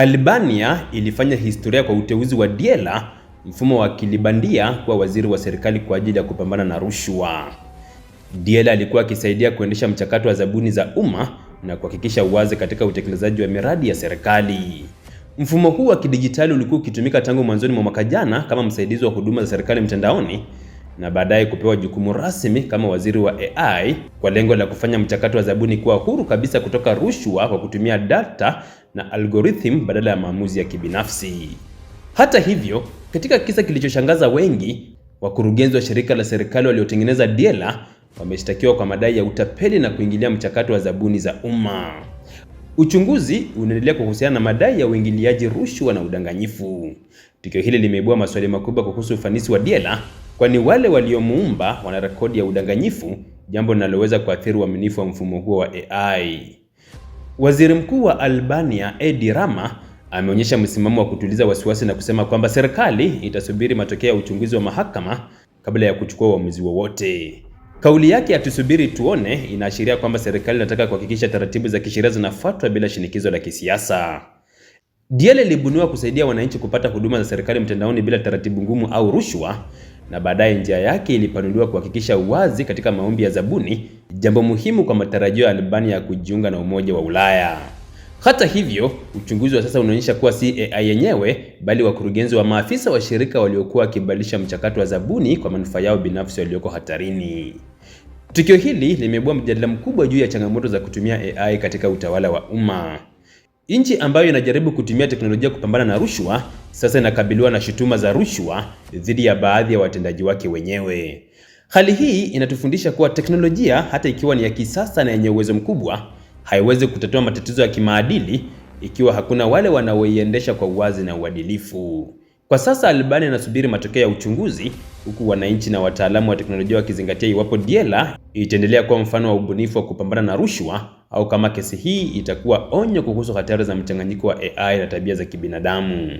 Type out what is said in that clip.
Albania ilifanya historia kwa uteuzi wa Diela, mfumo wa kilibandia kuwa waziri wa serikali kwa ajili ya kupambana na rushwa. Diela alikuwa akisaidia kuendesha mchakato wa zabuni za umma na kuhakikisha uwazi katika utekelezaji wa miradi ya serikali. Mfumo huu wa kidijitali ulikuwa ukitumika tangu mwanzoni mwa mwaka jana kama msaidizi wa huduma za serikali mtandaoni na baadaye kupewa jukumu rasmi kama waziri wa AI kwa lengo la kufanya mchakato wa zabuni kuwa huru kabisa kutoka rushwa kwa kutumia data na algorithm badala ya maamuzi ya kibinafsi. Hata hivyo, katika kisa kilichoshangaza wengi, wakurugenzi wa shirika la serikali waliotengeneza Diela wameshtakiwa kwa madai ya utapeli na kuingilia mchakato wa zabuni za umma. Uchunguzi unaendelea kuhusiana na madai ya uingiliaji rushwa na udanganyifu. Tukio hili limeibua maswali makubwa kuhusu ufanisi wa Diela, kwani wale waliomuumba wana rekodi ya udanganyifu, jambo linaloweza kuathiri uaminifu wa mfumo huo wa AI. Waziri Mkuu wa Albania Edi Rama ameonyesha msimamo wa kutuliza wasiwasi na kusema kwamba serikali itasubiri matokeo ya uchunguzi wa mahakama kabla ya kuchukua uamuzi wowote. Kauli yake "Hatusubiri tuone" inaashiria kwamba serikali inataka kuhakikisha taratibu za kisheria zinafuatwa bila shinikizo la kisiasa. DL ilibuniwa kusaidia wananchi kupata huduma za serikali mtandaoni bila taratibu ngumu au rushwa, na baadaye njia yake ilipanuliwa kuhakikisha uwazi katika maombi ya zabuni, jambo muhimu kwa matarajio ya Albania ya kujiunga na Umoja wa Ulaya. Hata hivyo, uchunguzi wa sasa unaonyesha kuwa si AI yenyewe, bali wakurugenzi wa maafisa wa shirika waliokuwa wakibadilisha mchakato wa zabuni kwa manufaa yao binafsi walioko hatarini. Tukio hili limeibua mjadala mkubwa juu ya changamoto za kutumia AI katika utawala wa umma. Nchi ambayo inajaribu kutumia teknolojia kupambana na rushwa sasa inakabiliwa na shutuma za rushwa dhidi ya baadhi ya watendaji wake wenyewe. Hali hii inatufundisha kuwa teknolojia, hata ikiwa ni ya kisasa na yenye uwezo mkubwa, haiwezi kutatua matatizo ya kimaadili ikiwa hakuna wale wanaoiendesha kwa uwazi na uadilifu. Kwa sasa Albania inasubiri matokeo ya uchunguzi, huku wananchi na wataalamu wa teknolojia wakizingatia iwapo Diela itaendelea kuwa mfano wa ubunifu wa kupambana na rushwa au kama kesi hii itakuwa onyo kuhusu hatari za mchanganyiko wa AI na tabia za kibinadamu.